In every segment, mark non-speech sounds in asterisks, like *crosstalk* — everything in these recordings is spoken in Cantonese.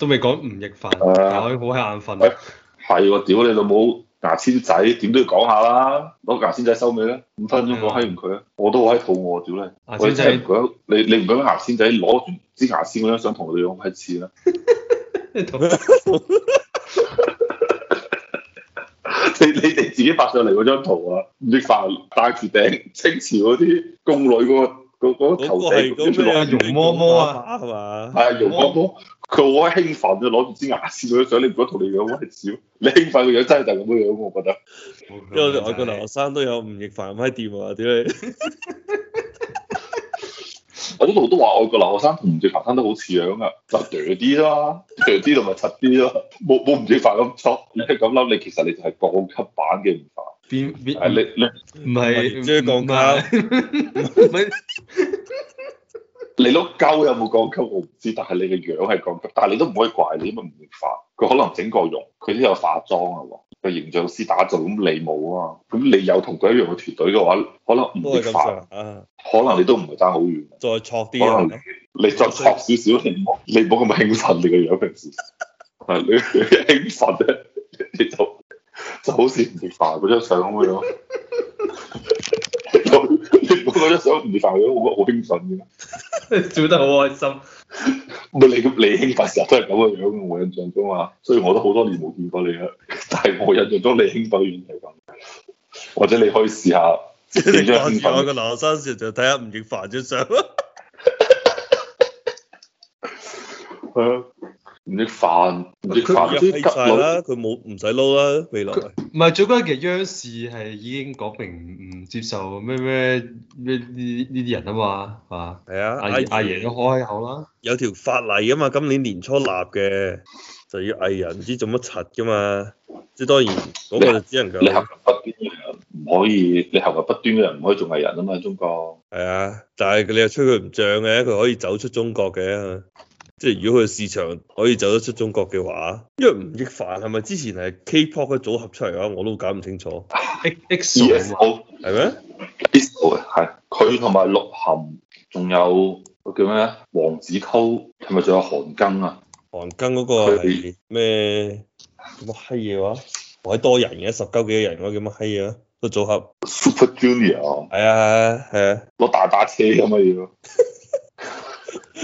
都未講吳亦凡，佢好眼瞓。係喎，屌你老母牙籤仔，點都要講下啦！攞牙籤仔收尾啦，五分鐘講閪完佢啦，我都好閪肚餓，屌你！牙籤仔唔講，你你唔講牙籤仔攞支牙籤咁樣想同我哋講閪事啦。你你哋自己發上嚟嗰張圖啊，吳亦凡戴住頂清朝嗰啲宮女嗰個嗰頭頂啲咩啊？容嬤嬤係嘛？係容嬤嬤。佢好閪興奮，攞住支牙籤嗰張相，你唔該同你樣閪笑，你興奮個樣真係就係咁樣，我覺得。因為外國留學生都有吳亦凡咁閪掂啊，點咧？ *laughs* 我度都話外國留學生同吳亦凡生得好似樣噶，凸啲啦，凸啲同埋柒啲咯，冇、嗯、冇吳亦凡咁錯。你係咁諗，你其實你就係降級版嘅吳亦凡。邊邊？係你你唔係即係降級。是 *laughs* 你碌鳩有冇光鳩？我唔知，但係你嘅樣係光鳩。但係你都唔可以怪你，因為唔會化。佢可能整過容，佢都有化妝啊。個形象師打造咁你冇啊。咁你有同佢一樣嘅團隊嘅話，可能唔會化。啊、可能你都唔係爭好遠。再挫啲。可能你，樣你再挫少少，你唔好，咁興奮你嘅樣。平時係 *laughs* 你興奮咧，你， *laughs* 你就就好似唔會化嗰張相咁樣。 *laughs* 你嗰張相唔會化嘅，我覺得好興奮嘅。即係笑得好開心。唔係 *laughs* 你，你興奮時候都係咁嘅樣，我印象中啊，所以我都好多年冇見過你啦。但係我印象中你興奮完係咁，或者你可以試下，即係你掛住我個留學生時就睇下吳亦凡張相。嗯。唔食飯，唔食飯一飛晒啦，佢冇唔使撈啦未來。唔係最關鍵，央視係已經講明唔接受咩咩咩呢呢啲人啊嘛，係係啊，阿阿爺要開口啦。有條法例啊嘛，今年年初立嘅，就要藝人唔知做乜柒噶嘛，即係當然嗰個就只能夠。你行為不端嘅人，唔可以你行為不端嘅人唔可以做藝人啊嘛，中國。係啊，但係你又吹佢唔漲嘅，佢可以走出中國嘅。即係如果佢市場可以走得出中國嘅話，因為吳亦凡係咪之前係 K-pop 嘅組合出嚟嘅話，我都搞唔清楚 EXO。EXO 係咩 b i 係佢同埋鹿晗，仲、yes, yes. 有叫咩咧？黃子韜係咪仲有韓庚啊？韓庚嗰個係咩？乜閪嘢話？我喺多人嘅十鳩幾個人我叫乜閪嘢啊？個組合 Super Junior，係啊係啊，攞大巴車咁嘅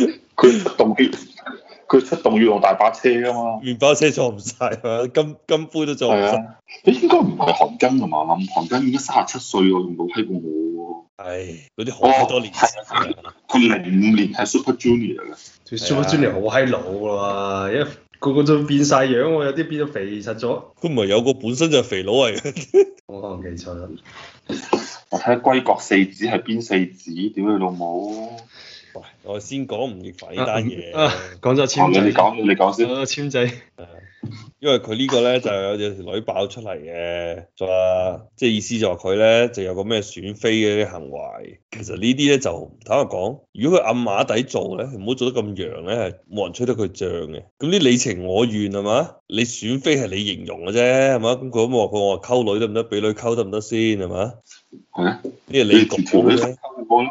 嘢。 *laughs* 佢出動要，佢出動要用大巴車噶嘛，麵包車坐唔晒，金金杯都坐唔晒啊。你應該唔係韓庚㗎嘛？韓庚已經三十七歲，我仲老閪過我。係嗰啲好多年、啊。哦，佢零五年係 Super Junior 嘅，Super Junior 好閪老啦，一個個都變晒樣，有啲變到肥實咗。佢唔係有個本身就係肥佬嚟嘅？ *laughs* 我都唔記錯啦。我睇下歸國四子係邊四子？屌你老母！我先講吳亦凡呢單嘢，講咗簽仔，你講，你先講你先講、啊。簽仔，因為佢呢、就是、個咧就有條女爆出嚟嘅，就話即係意思就話佢咧就有個咩選妃嘅行為。其實呢啲咧就坦白講，如果佢暗馬底做咧，唔好做得咁揚咧，冇人吹得佢脹嘅。咁啲你情我願係嘛？你選妃係你形容嘅啫，係嘛？咁佢咁話佢，我話溝女得唔得？俾女溝得唔得先係嘛？嚇？呢個、啊、你講。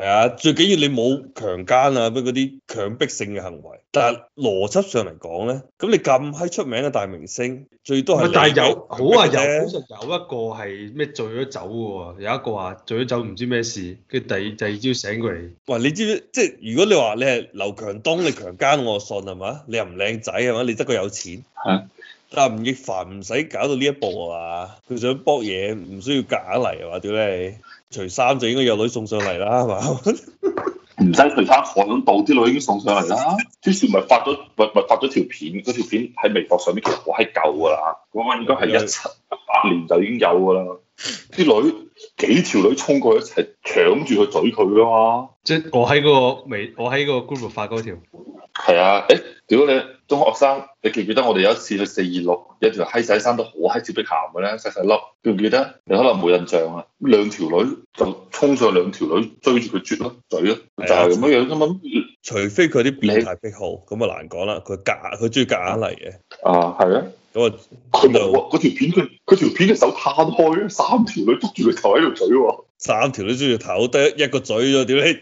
係啊，最緊要你冇強奸啊，不嗰啲強迫性嘅行為。但係邏輯上嚟講咧，咁你咁閪出名嘅大明星，最多係，但係有好啊，有其實有一個係咩醉咗酒嘅，有一個話醉咗酒唔知咩事，佢住第第二朝醒過嚟。哇，你知唔知？即係如果你話你係劉強東你強奸我信係嘛？你又唔靚仔係嘛？你得個有錢。係、啊嗯。但係吳亦凡唔使搞到呢一步啊，佢想搏嘢唔需要夾硬嚟啊嘛？屌你！除衫就應該有女送上嚟啦，係嘛？唔使除衫，巷到啲女已經送上嚟啦。之前咪發咗咪發咗條片，嗰條片喺微博上面其實好閪舊噶啦，嗰個應該係一七， *laughs* 一七八年就已經有噶啦。啲女幾條女衝過一齊搶住去嘴佢噶嘛？即係我喺嗰、嗰個微，我喺嗰個 group 發嗰條。係啊，誒、欸，如果你中學生，你記唔記得我哋有一次去四二六，有條閪仔生得好閪似碧咸嘅咧，細細粒，記唔記得？你可能冇印象啊。兩條女就衝上兩條女追住佢啜咯嘴啊，嘴就係、是、咁樣咁嘛。嗯、除非佢啲變態癖你好，咁啊難講啦。佢夾佢中意夾硬嚟嘅。啊，係啊。咁啊為，佢就嗰條片佢條片嘅手攤開，三條女捉住佢頭喺度嘴喎。三條女捉住頭，得一個嘴啫，點解？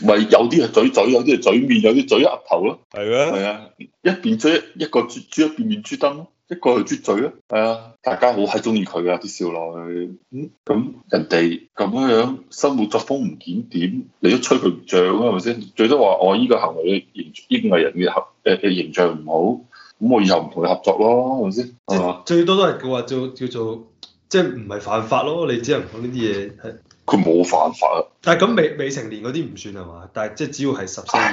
咪有啲係嘴嘴，有啲係嘴面，有啲嘴額頭咯。係啊嗎，係啊，一邊出一一個豬一邊面豬燈咯，一個係豬嘴咯。係啊，大家好係中意佢啊啲少女。咁、嗯嗯、人哋咁樣樣生活作風唔檢點，你都吹佢唔漲啊？係咪先？最多話我依個行為形，依個藝人嘅合誒嘅形象唔好，咁我以後唔同你合作咯，係咪先？即係最多都係佢話做叫做，叫做，即係唔係犯法咯？你只能講呢啲嘢係。佢冇犯法啊。但係咁，未未成年嗰啲唔算係嘛？但係即係只要係十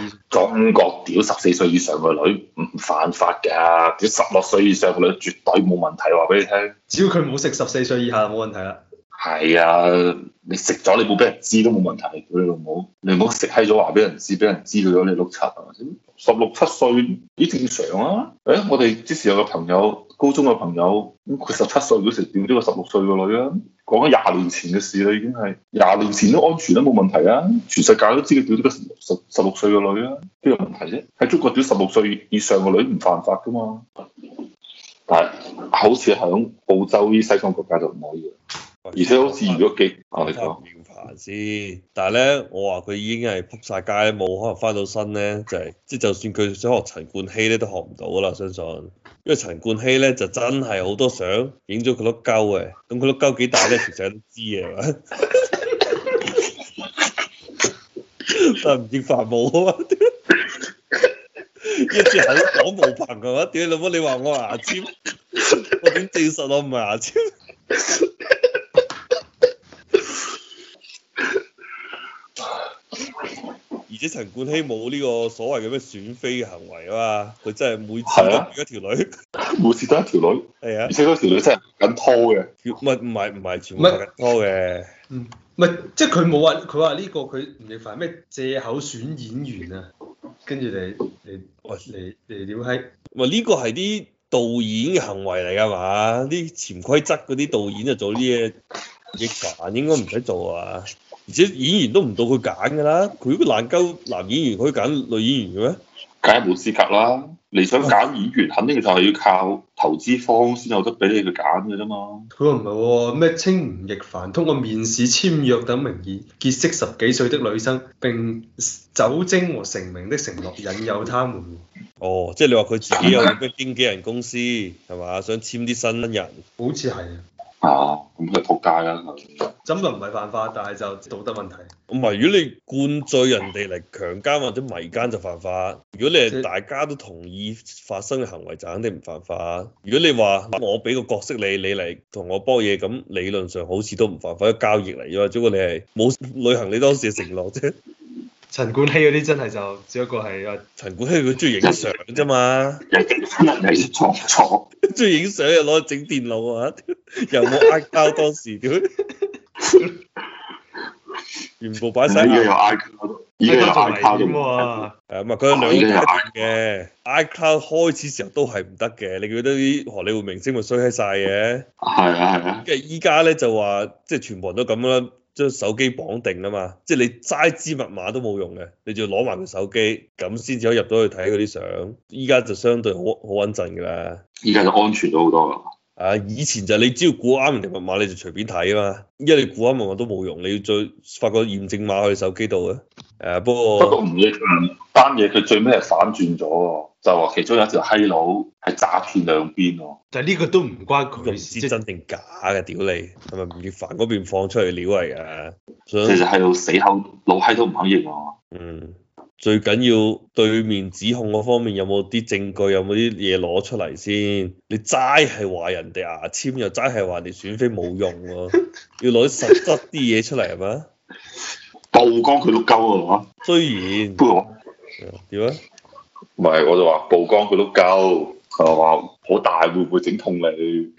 四，中國屌十四歲以上嘅女唔犯法㗎。屌十六歲以上嘅女絕對冇問題，話俾你聽。只要佢冇食十四歲以下冇問題啦。係啊，你食咗你冇俾人知都冇問題。屌你老母，你唔好食閪咗話俾人知，俾人知道咗你六七啊。十六七歲幾正常啊？誒、欸，我哋之前有個朋友。高中嘅朋友，佢十七歲嗰時屌咗個十六歲嘅女啊，講緊廿年前嘅事啦，已經係廿年前都安全都冇問題啊，全世界都知佢屌咗個十十六歲嘅女啊，邊有問題啫？喺中國屌十六歲以上嘅女唔犯法㗎嘛，但係好似喺澳洲啲西方國家就唔可以啊，而且好似如果幾我哋講。牙籤，但係咧，我話佢已經係扑晒街，冇可能翻到身咧，就係即係，就算佢想學陳冠希咧，都學唔到啦，相信。因為陳冠希咧就真係好多相，影咗佢碌鳩嘅，咁佢碌鳩幾大咧，其實都知嘅。但係吳亦凡冇啊，一隻口講無憑嘅嘛，屌老母，你話我牙籤， *laughs* 我點證實我唔係牙籤？ *laughs* 只陳冠希冇呢個所謂嘅咩選妃嘅行為嘛，啊嘛，佢真係每次都一條女，每次都一條女，係啊，而且嗰條女真係緊拖嘅，嗯，唔係唔係唔係全部緊拖嘅，唔係即係佢冇話，佢話呢個佢吳亦凡咩借口選演員啊，跟住你你，你，你，你喂你你點閪？咪呢個係啲導演嘅行為嚟㗎嘛，啲潛規則嗰啲導演就做呢嘢。亦凡應該唔使做啊，而且演員都唔到佢揀嘅啦，佢爛鳩男演員可以揀女演員嘅咩？梗係冇資格啦！你想揀演員，啊、肯定就係要靠投資方先有得俾你去揀嘅啫嘛。佢話唔係喎，咩？稱吳亦凡通過面試簽約等名義結識十幾歲的女生，並酒精和成名的承諾引誘他們。哦，即係你話佢自己有咩經紀人公司係嘛？ *laughs* 想簽啲新人。好似係、啊。啊！咁就仆街啦，咁就，唔係犯法，但係就道德問題。唔係，如果你灌醉人哋嚟強姦或者迷姦就犯法。如果你係大家都同意發生嘅行為，就肯定唔犯法。如果你話我俾個角色你，你嚟同我幫嘢，咁理論上好似都唔犯法，交易嚟嘅話。只不過你係冇履行你當時嘅承諾啫。 *laughs* 陳冠希嗰啲真係就只不過係啊，陳冠希佢中意影相啫嘛，又中意影相又攞去整電腦啊， *laughs* 又冇 iCloud 當時佢 *laughs* 全部擺晒啲嘢入 iCloud，依家 i c 啊，佢有兩階段嘅 iCloud，開始時候都係唔得嘅，你見到啲荷里活明星咪衰喺晒嘅，係啊係啊，啊啊啊即係依家咧就話即係全部人都咁啦。將手機綁定啊嘛，即係你齋知密碼都冇用嘅，你就要攞埋部手機咁先至可以入到去睇嗰啲相。依家就相對好好穩陣㗎啦，依家就安全咗好多啦。啊！以前就係你只要估啱條密碼你就隨便睇啊嘛，因為你估啱密碼都冇用，你要再發個驗證碼去手機度嘅。誒、啊，不過吳、嗯、單嘢佢最尾係反轉咗，就話其中有一條閪佬係詐騙兩邊喎。但呢個都唔關佢事，即、就係、真定假嘅屌你，係咪吳亦凡嗰邊放出嚟料嚟㗎？所以其實係到死口老閪都唔肯認喎。嗯。最緊要對面指控嗰方面有冇啲證據，有冇啲嘢攞出嚟先？你齋係話人哋牙籤，又齋係話你選妃冇用，要攞啲實質啲嘢出嚟係嘛？曝光佢都鳩啊嘛！雖然點啊？唔係樣我就話曝光佢都鳩，係嘛？好大，會唔會整痛你？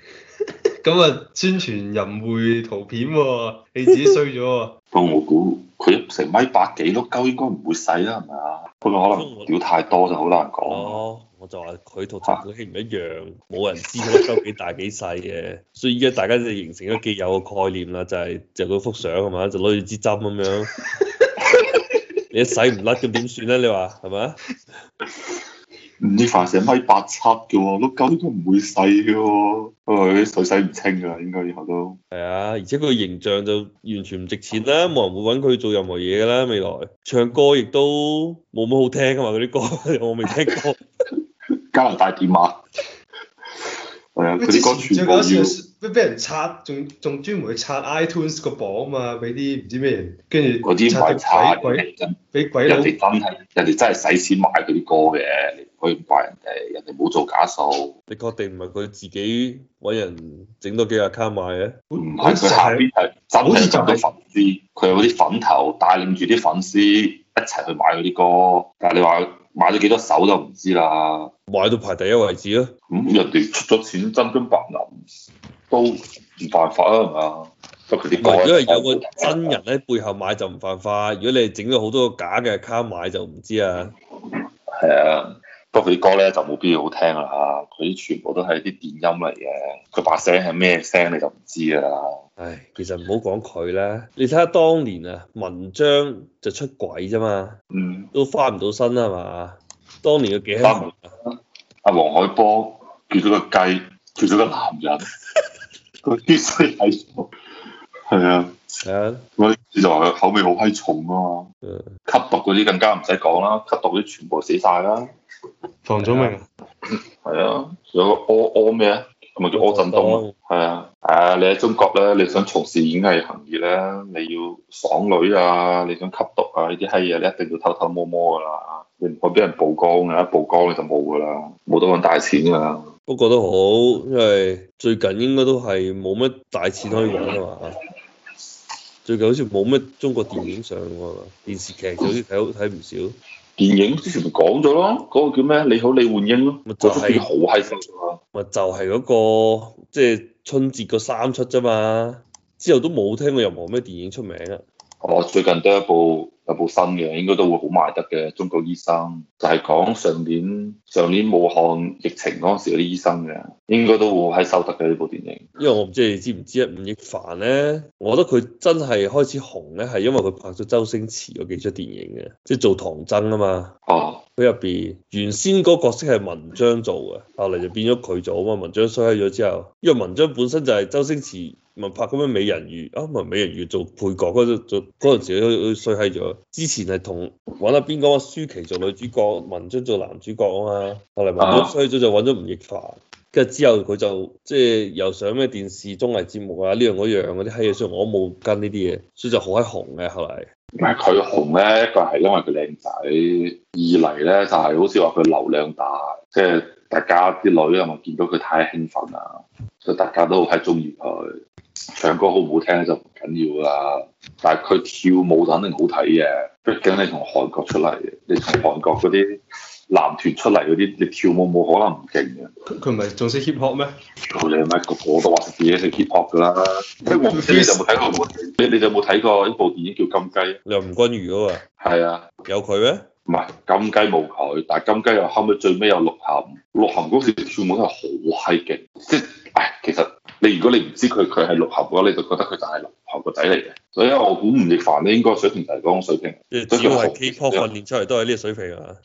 咁啊宣傳淫穢圖片喎，你自己衰咗。當我估。佢成米百幾碌鳩，應該唔會使啦，係咪啊？不過可能要太多就好難講。哦，我就話佢同，陳冠希唔一樣，冇、啊、人知佢究竟幾大幾細嘅。所以依家大家就形成一個既有嘅概念啦，就係、是、就嗰幅相係嘛，就攞住支針咁樣，你使唔甩咁點算咧？你話係咪啊？是唔知凡成米八七嘅喎，都咁都唔會細嘅喎，因為啲水洗唔清嘅啦，應該以後都係啊！而且佢個形象就完全唔值錢啦，冇人會揾佢做任何嘢嘅啦。未來唱歌亦都冇乜好聽㗎嘛，佢啲歌我未聽過。加拿大電話係啊！佢之前最搞笑，俾人刷，仲仲專門去刷 iTunes 個榜啊嘛，俾啲唔知咩，人。跟住嗰啲咪俾鬼，人哋人哋真係使錢買佢啲歌嘅。佢唔怪人哋，人哋冇做假數。你確定唔係佢自己揾人整多幾個卡買嘅？唔係佢就好似就到粉絲，佢有啲粉頭帶領住啲粉絲一齊去買嗰啲歌。但係你話買咗幾多首就唔知啦。買到排第一為止咯。咁、嗯、人哋出咗錢真金白銀都唔犯法啊，係嘛？不過佢如果係有個真人喺背後買就唔犯法，如果你整咗好多假嘅卡買就唔知啊。係啊。不過佢啲歌咧就冇必要好聽啦，佢啲全部都係啲電音嚟嘅，佢把聲係咩聲你就唔知啦。唉，其實唔好講佢咧，你睇下當年啊，文章就出軌啫嘛，嗯，都翻唔到身啦嘛。當年佢幾黑紅啊？阿黃海波叫咗個雞，叫咗個，個男人，佢必衰仔，係啊，我以前話佢口味好閪重啊嘛，吸毒嗰啲更加唔使講啦，吸毒嗰啲全部死晒啦。房祖名？係啊，有個柯柯咩啊？係咪叫柯震東啊？係啊，啊，啊，啊，啊，啊，你喺中國咧，你想從事演藝行業咧，你要爽女啊，你想吸毒啊呢啲閪嘢，你一定要偷偷摸摸噶啦，你唔可俾人曝光嘅，曝光你就冇噶啦，冇得咁大錢噶。不過都好，因為最近應該都係冇乜大錢可以講啊嘛。 *laughs* 最近好似冇乜中國電影上係嘛？電視劇好似睇好睇唔少。電影之前咪講咗咯，嗰、嗰個叫咩？你好李煥英咯，就係好 high 分喎咪就係嗰個即係春節嗰三出啫嘛，之後都冇聽過任何咩電影出名啦。我、哦、最近得一部。有部新嘅，應該都會好賣得嘅。中國醫生就係、是、講上年上年武漢疫情嗰陣時嗰啲醫生嘅，應該都會喺收得嘅呢部電影。因為我唔知你知唔知啊？吳亦凡呢，我覺得佢真係開始紅呢，係因為佢拍咗周星馳嗰幾出電影嘅，即、就、係、是、做唐僧啊嘛。哦。啊佢入邊原先嗰個角色係文章做嘅，後嚟就變咗佢做啊嘛。文章衰閪咗之後，因為文章本身就係周星馳，咪拍嗰咩美人魚啊，咪美人魚做配角嗰陣做，做時佢衰閪咗。之前係同揾阿邊個舒淇做女主角，文章做男主角啊嘛。後嚟文章衰咗就揾咗吳亦凡，跟住之後佢就即係又上咩電視綜藝節目啊呢樣嗰樣啲，係啊，所以我冇跟呢啲嘢，所以就好閪紅嘅後嚟。唔係佢紅咧，一個係因為佢靚仔，二嚟咧就係、是、好似話佢流量大，即、就、係、是、大家啲女係咪見到佢太興奮啊？即係大家都好係中意佢，唱歌好唔好聽就唔緊要啦。但係佢跳舞就肯定好睇嘅，畢竟你從韓國出嚟，你從韓國嗰啲。男團出嚟嗰啲，你跳舞冇可能唔勁嘅。佢佢唔係仲識 hip hop 咩？我哋乜個個都話自己識 hip hop 㗎啦。你你有冇睇過，你你有冇睇過一部電影叫金雞？吳君如嗰個？係啊，啊有佢咩？唔係金雞冇佢，但係金雞又後尾最尾有鹿晗，鹿晗嗰時跳舞真係好閪勁。即係唉，其實你、哎、如果你唔知佢佢係鹿晗嘅話，你就覺得佢就係韓國仔嚟嘅。所以我估吳亦凡咧應該水平就係嗰種水平。主要係 hip hop 訓練出嚟都係呢個水平㗎。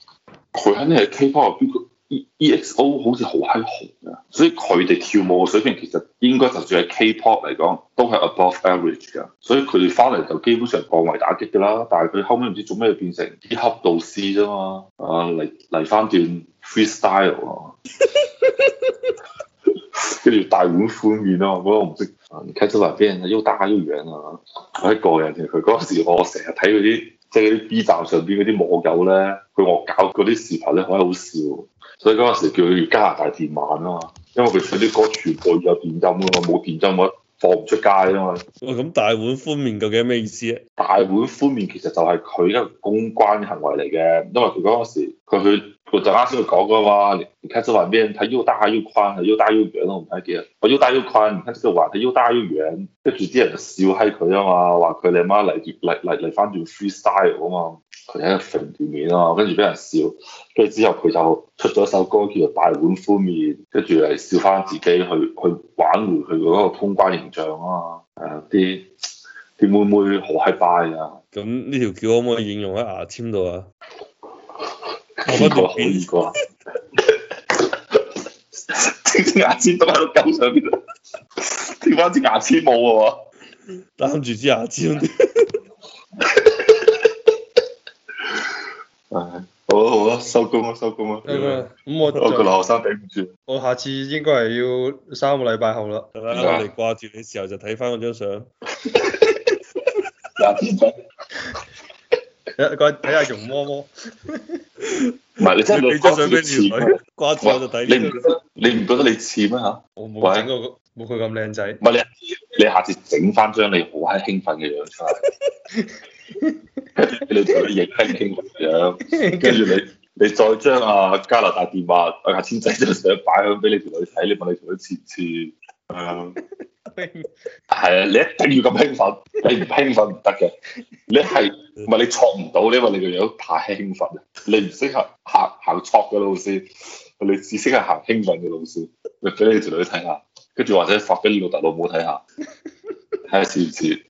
佢肯定係 K-pop 入邊，E E X O 好似好閪紅嘅，所以佢哋跳舞嘅水平其實應該就算喺 K-pop 嚟講都係 above average 嘅，所以佢哋翻嚟就基本上降維打擊嘅啦。但係佢後尾唔知做咩變成啲嘻哈導師啫嘛、啊，啊嚟嚟翻段 freestyle 啊，跟、啊、住大碗寬麵咯、啊，我唔識啊，你睇出嚟人又大又圓啊，佢一個人同佢嗰時，我成日睇佢啲。即係啲 B 站上邊嗰啲網友咧，佢惡搞嗰啲視頻咧，我覺得好笑。所以嗰陣時叫佢加拿大電音啊嘛，因為佢唱啲歌全部有電音啊嘛，冇電音我放唔出街啊嘛。咁大碗寬麵究竟咩意思啊？大碗寬麵其實就係佢一個公關行為嚟嘅，因為佢嗰陣時佢去。佢陣間先講噶嘛，你，你看這碗麵，它又大又寬，腰大腰圓我唔睇。係啲，又大又寬，你看這個碗，它又大又圓，跟住啲人就笑嗨佢啊嘛，話佢，你媽嚟嚟嚟嚟翻段 freestyle 啊嘛，佢喺度揈段麵啊跟住俾人笑，跟住之後佢就出咗首歌叫做大碗寬麵，跟住嚟笑翻自己去去挽回佢嗰個通關形象啊嘛，誒啲，啲妹妹好嗨拜啊？咁呢條橋可唔可以應用喺牙籤度啊？我嗰、啊啊、 *laughs* 個好得意啩，啲牙籤都喺度勾上邊啦，點解支牙籤冇嘅？攬住支牙籤。唉，好啦好啊，收工啊，收工啊。咁、啊啊嗯、我我個留學生頂唔住。我下次應該係要三個禮拜後啦。等麼我哋掛住你嘅時候就睇翻嗰張相。牙 *laughs* 籤。 *laughs* *laughs* 睇下容嬤嬤。 *laughs* 唔係你真係掛住咩？你唔覺得你唔覺，覺得你似咩吓？我冇整過，冇佢咁靚仔。唔係你，你下次整翻張你好閪興奮嘅樣出嚟，你條女亦係興奮嘅樣。跟住 *laughs* *laughs* 你，你，你，你再將啊加拿大電話阿阿千仔張相擺響俾你條女睇，你問你條女似唔似？係 *laughs* 啊，你一定要咁興奮，你唔興奮唔得嘅。你係唔係你錯唔到？因為你個樣太興奮，你唔適合行行錯嘅路線，你只適合行興奮嘅路線。你俾你條女睇下，跟住或者發俾你老豆老母睇下，睇下似唔似？